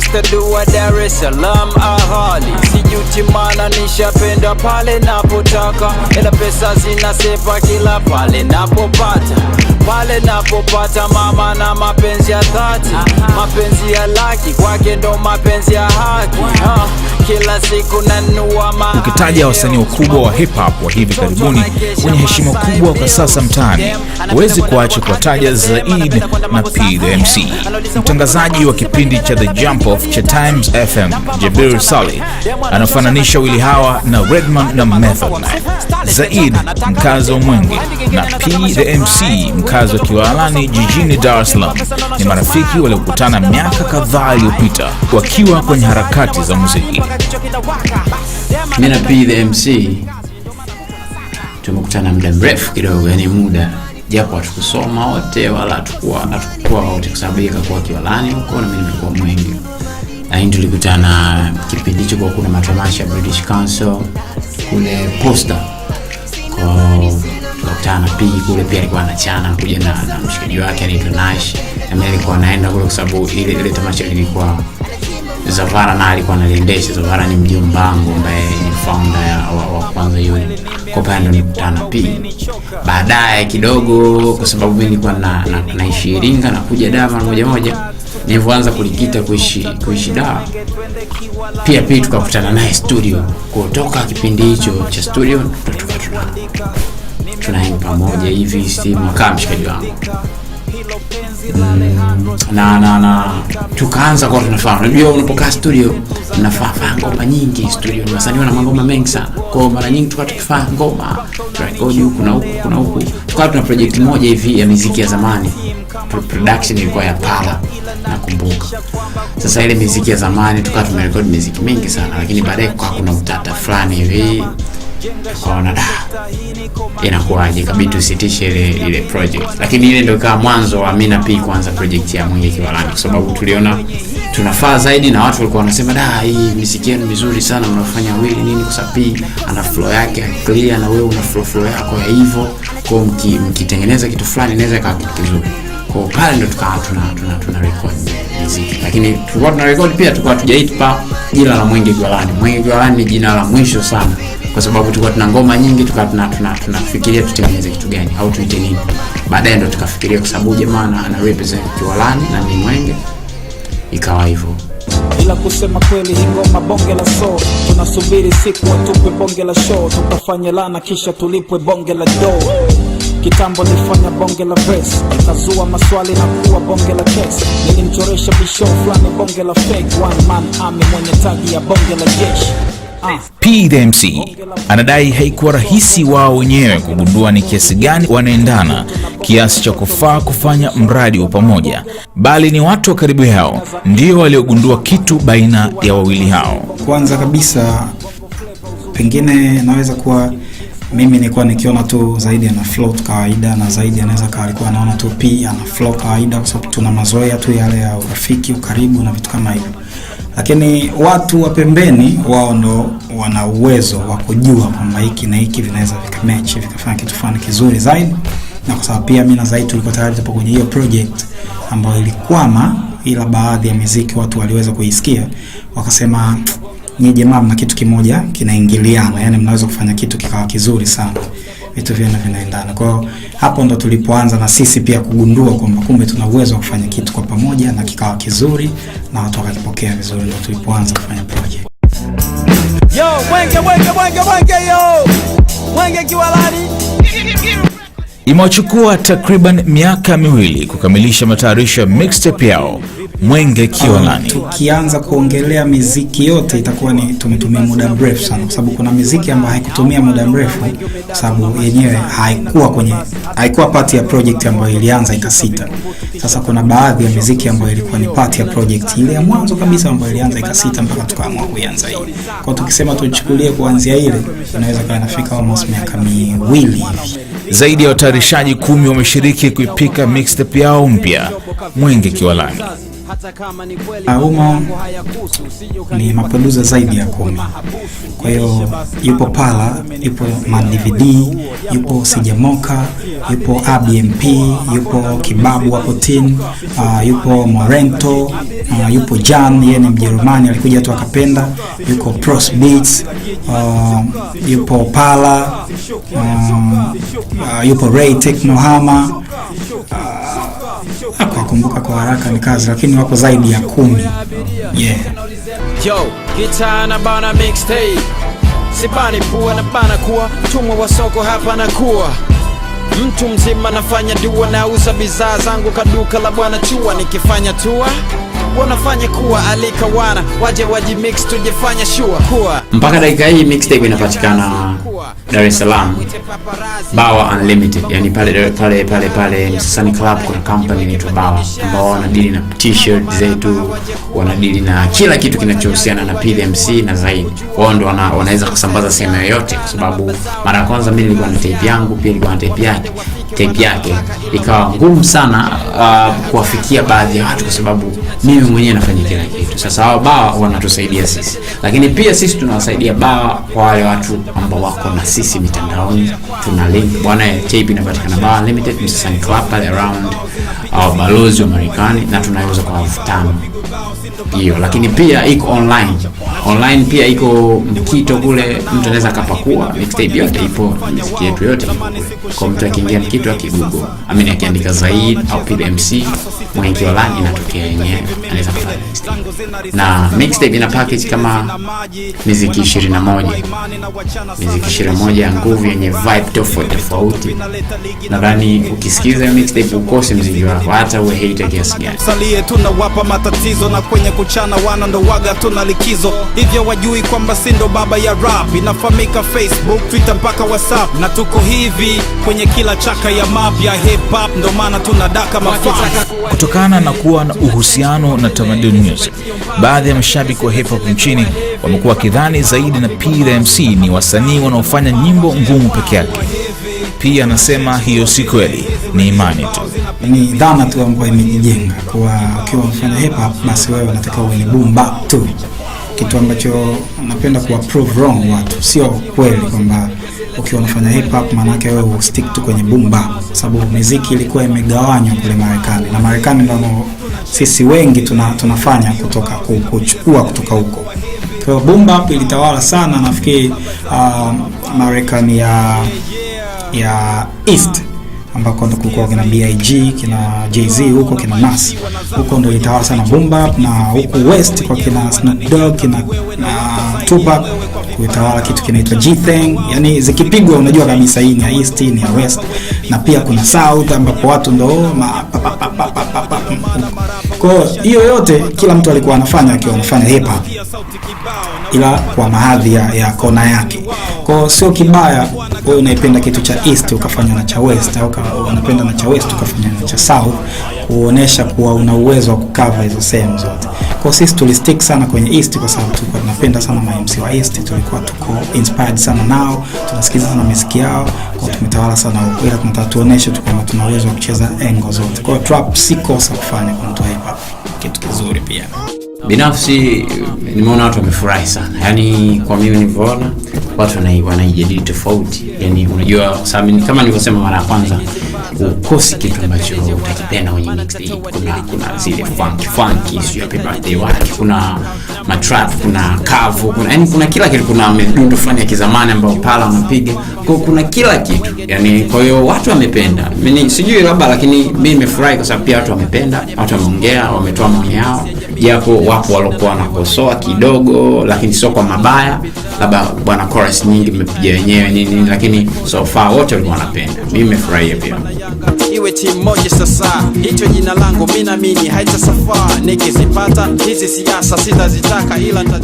sister du wa Dar es Salaam ahali, sijuti mana nishapenda pale napotaka, ila pesa zinasepa kila pale napopata, pale napopata mama na mapenzi ya dhati, mapenzi ya laki kwake ndo mapenzi ya haki ha. Ah kila siku nanua Ukitaja wasanii wakubwa wa hip hop wa hivi karibuni wenye heshima kubwa kwa sasa mtaani, huwezi kuacha kuwataja Zaid na P the MC. Mtangazaji wa kipindi cha The Jump Off cha Times FM Jabir Sali anafananisha wili hawa na Redman na Method Man. Zaid mkazi wa Mwenge na P the MC mkazi wa Kiwalani jijini Dar es Salaam ni marafiki waliokutana miaka kadhaa iliyopita wakiwa kwenye harakati za muziki. Mimi na P the MC tumekutana muda mrefu kidogo, yani muda japo hatukusoma wote wala hatukuwa wote, kwa sababu ikakuwa Kiwalani huko na mimi nilikuwa Mwenge, lakini tulikutana kipindi hicho, kwa kuna matamasha British Council kule Posta tukakutana na P kule, pia alikuwa anachana kuja na na mshikaji wake anaitwa Nash, na mimi nilikuwa naenda kule kwa sababu ile ile tamasha ilikuwa Zavara naye alikuwa analiendesha. Zavara ni mjomba wangu ambaye ni founder wa, wa kwanza yule, kwa ndo nikutana pia baadaye kidogo, kwa sababu mimi nilikuwa na, na, naishi Iringa na kuja Dar moja moja. Nilivyoanza kulikita kuishi kuishi Dar pia pia tukakutana naye studio, kutoka kipindi hicho cha studio tuka tuna pamoja hivi, si mkaa mshikaji wangu na na na tukaanza kwa tunafaa. Unajua, unapokaa studio mnafaa ngoma nyingi. Studio ni wasanii wana mangoma mengi sana, kwa mara nyingi tukawa tukifaa ngoma turekodi huku na huku kuna huku, tukawa tuna project moja hivi ya muziki ya zamani. Production ilikuwa ya Pala nakumbuka. Sasa ile muziki ya zamani tukawa tumerekodi muziki mingi sana, lakini baadaye kwa kuna utata fulani hivi Ukaona da, inakuwaje, kabidi tusitishe ile ile project. Lakini ile ndio kaa mwanzo wa mina P kuanza project ya mwingi Kiwalani, kwa sababu tuliona tunafaa zaidi, na watu walikuwa wanasema da, hii miziki yenu mizuri sana mnafanya wili nini, kwa sababu P ana flow yake clear na wewe una flow flow yako ya hivyo, kwa mkitengeneza kitu fulani inaweza ikawa kitu kizuri. Kwa pale ndo tukawa tuna tuna tuna record muziki. Lakini tulikuwa tuna record pia, tukawa tujaita jina la Mwenge Kiwalani. Mwenge Kiwalani ni jina la mwisho sana kwa sababu tulikuwa tuna ngoma nyingi, tukawa tuna tunafikiria tuna tutengeneze kitu gani au tuite nini. Baadaye ndo tukafikiria kwa sababu jamaa ana, ana represent Kiwalani na ni Mwenge, ikawa hivyo. Ila kusema kweli, hii ngoma bonge la so, tunasubiri siku watupe bonge la show, tutafanya lana kisha tulipwe bonge la do. Kitambo nilifanya bonge la verse, nikazua maswali na kuwa bonge la kesi, nilimchoresha bisho fulani bonge la fake, one man army mwenye tagi ya bonge la jeshi PDMC MC anadai haikuwa rahisi wao wenyewe kugundua ni kiasi gani wanaendana kiasi cha kufaa kufanya mradi wa pamoja, bali ni watu wa karibu yao ndio waliogundua kitu baina ya wawili hao. Kwanza kabisa, pengine naweza kuwa mimi nilikuwa nikiona tu Zaidi ana float kawaida, na Zaidi anaweza kawa alikuwa anaona tu P ana float kawaida, kwa sababu tuna mazoea tu yale ya urafiki, ukaribu na vitu kama hivyo lakini watu wa pembeni wao ndo wana uwezo wa kujua kwamba hiki na hiki vinaweza vikamechi vikafanya kitu fulani kizuri zaidi, na kwa sababu pia mimi na zaidi tulikuwa tayari tupo kwenye hiyo project ambayo ilikwama, ila baadhi ya miziki watu waliweza kuisikia wakasema, nyie jamaa mna kitu kimoja kinaingiliana, yani mnaweza kufanya kitu kikawa kizuri sana vitu vyenu vinaendana. Kwa hiyo hapo ndo tulipoanza na sisi pia kugundua kwamba kumbe tuna uwezo wa kufanya kitu kwa pamoja na kikawa kizuri na watu wakakipokea vizuri, ndo tulipoanza kufanya project. Yo, wenge, wenge, wenge, wenge, yo. Wenge Kiwalani. Imewachukua takriban miaka miwili kukamilisha matayarisho ya mixtape yao Mwenge Kiwalani. Um, tukianza kuongelea miziki yote itakuwa ni tumetumia muda mrefu sana, kwa sababu kuna miziki ambayo haikutumia muda mrefu, kwa sababu yenyewe haikuwa kwenye haikuwa part ya project ambayo ilianza ikasita. Sasa kuna baadhi ya miziki ambayo ilikuwa ni part ya project ile ya mwanzo kabisa ambayo ilianza ikasita mpaka tukaamua kuianza hii. Kwa tukisema tuchukulie kuanzia ile, inaweza kana nafika almost miaka miwili hivi. Zaidi ya watayarishaji kumi wameshiriki kuipika mixtape yao mpya Mwenge Kiwalani. Aumo ni mapunduza zaidi ya kumi. Kwa hiyo yupo Pala, yupo MadDVD, yupo Sijamoka, yupo ABMP, yupo Kibabu wa Putin, uh, yupo Morento, uh, yupo Jan, yeye ni Mjerumani alikuja tu akapenda, yuko Pros Beats, uh, yupo Pala, uh, uh, yupo Ray Teknohama uh, kuwakumbuka kwa haraka ni kazi, lakini wako zaidi ya kumi. Yeah. Yo, kitana bana mixtape. Sibani pua na bana kuwa mtumwa wa soko hapa na kuwa mtu mzima, nafanya dua, nauza bidhaa zangu kaduka la bwana chua, nikifanya tua wanafanya kuwa alikawana waje waji mix tujifanya shua kuwa mpaka dakika hii mixtape inapatikana Dar es Salaam Bawa Unlimited, yani pale pale pale pale Msasani Club kuna company inaitwa Bawa ambao wanadili na t-shirt zetu, wanadili na kila kitu kinachohusiana na PMC na zaidi. Wao ndio wana, wanaweza kusambaza sehemu yoyote, kwa sababu mara ya kwanza mimi nilikuwa na tape yangu, pia nilikuwa na tape yake tape yake ikawa ngumu sana uh, kuwafikia baadhi ya watu kwa sababu mimi mimi mwenyewe nafanya kila kitu. Sasa hao baa wanatusaidia sisi, lakini pia sisi tunawasaidia baa kwa wale watu ambao wako na sisi mitandaoni. Tuna link bwana ya JB inapatikana Bawa Unlimited Msasani Club pale around au uh, balozi wa Marekani, na tunauza kwa elfu tano hiyo, lakini pia iko online online, pia iko Mkito kule, mtu anaweza akapakua mixtape yote ipo, muziki yetu yote ipo kule kwa mtu akiingia kitu akigugo amini akiandika Zaid au PDMC mwingi wa lani inatokea yenyewe, anaweza kufanya na mixtape ina package kama miziki 21 miziki 21 ya nguvu yenye vibe tofauti tofauti. Nadhani ukisikiza mixtape ukose mziki wako, hata uwe hate kiasi gani. Salie tunawapa matatizo na kwenye kuchana wana ndo waga tuna likizo hivyo, wajui kwamba si ndo baba ya rap, inafahamika Facebook, Twitter mpaka WhatsApp na tuko hivi kwenye kila chaka ya map ya hip hop, ndo maana tunadaka mafaa. Kutokana na kuwa na uhusiano na Tamaduni Music, baadhi ya mashabiki wa hip hop nchini wamekuwa wakidhani zaidi na P MC ni wasanii wanaofanya nyimbo ngumu peke yake. Pia anasema hiyo si kweli, ni imani tu, ni dhana tu ambayo imejijenga kuwa ukiwa unafanya hip hop basi wewe unataka uwe ni boom bap tu, kitu ambacho napenda kuwa prove wrong watu, sio kweli kwamba ukiwa unafanya hip hop, maana yake wewe ustick tu kwenye bumba, sababu muziki ilikuwa imegawanywa kule Marekani, na Marekani ndio sisi wengi tuna, tunafanya kutoka kuchukua kutoka huko. Kwa hiyo boom ilitawala sana, nafikiri uh, Marekani ya ya East ambako ndo kulikuwa kina BIG kina JZ huko kina Nas huko ndo ilitawala sana boom bap, na huku West kwa kina Snoop Dogg kina na Tupac kuitawala kitu kinaitwa g thing yani zikipigwa unajua kabisa hii ni ya east, ni ya west, na pia kuna south ambapo watu ndo kwa hiyo yote kila mtu alikuwa anafanya akiwa anafanya hip hop, ila kwa mahadhi ya, ya kona yake. Kwa sio kibaya wewe unaipenda kitu cha east ukafanya na cha west, au unapenda na cha west ukafanya na cha south, kuonesha kuwa una uwezo wa kukava hizo sehemu zote. Kwa sisi tulistick sana kwenye east kwa sababu tulikuwa tunapenda sana ma MC wa east, tulikuwa tuko inspired sana nao, tunasikiliza sana muziki yao, kwa tumetawala sana huko, ila tunataka tuoneshe tu kwamba tuna uwezo wa kucheza engo zote. Kwa trap si kosa kufanya kwa mtu hip hop, kitu kizuri pia. Binafsi nimeona watu wamefurahi sana, yani kwa mimi nilivyoona watu wanaijadili tofauti. Yani unajua sababu, kama nilivyosema mara ya kwanza, ukosi kitu ambacho utakipenda kwenye mixtape. Kuna kuna zile funky funky, sio wake, kuna matrap, kuna kavu, kuna yani kuna kila kitu, kuna midundo fulani ya kizamani ambayo pala unapiga kwa, kuna kila kitu yani. Kwa hiyo watu wamependa, mimi sijui labda, lakini mimi nimefurahi kwa sababu pia watu wamependa, watu wameongea, wametoa maoni yao japo wapo waliokuwa wanakosoa kidogo, lakini sio kwa mabaya, labda bwana chorus nyingi mmepiga wenyewe nini, lakini so far wote walikuwa wanapenda. Mimi nimefurahia pia iwe timu moja sasa, hicho jina langu mimi naamini haitasafaa, nikizipata hizi siasa sitazitaka ila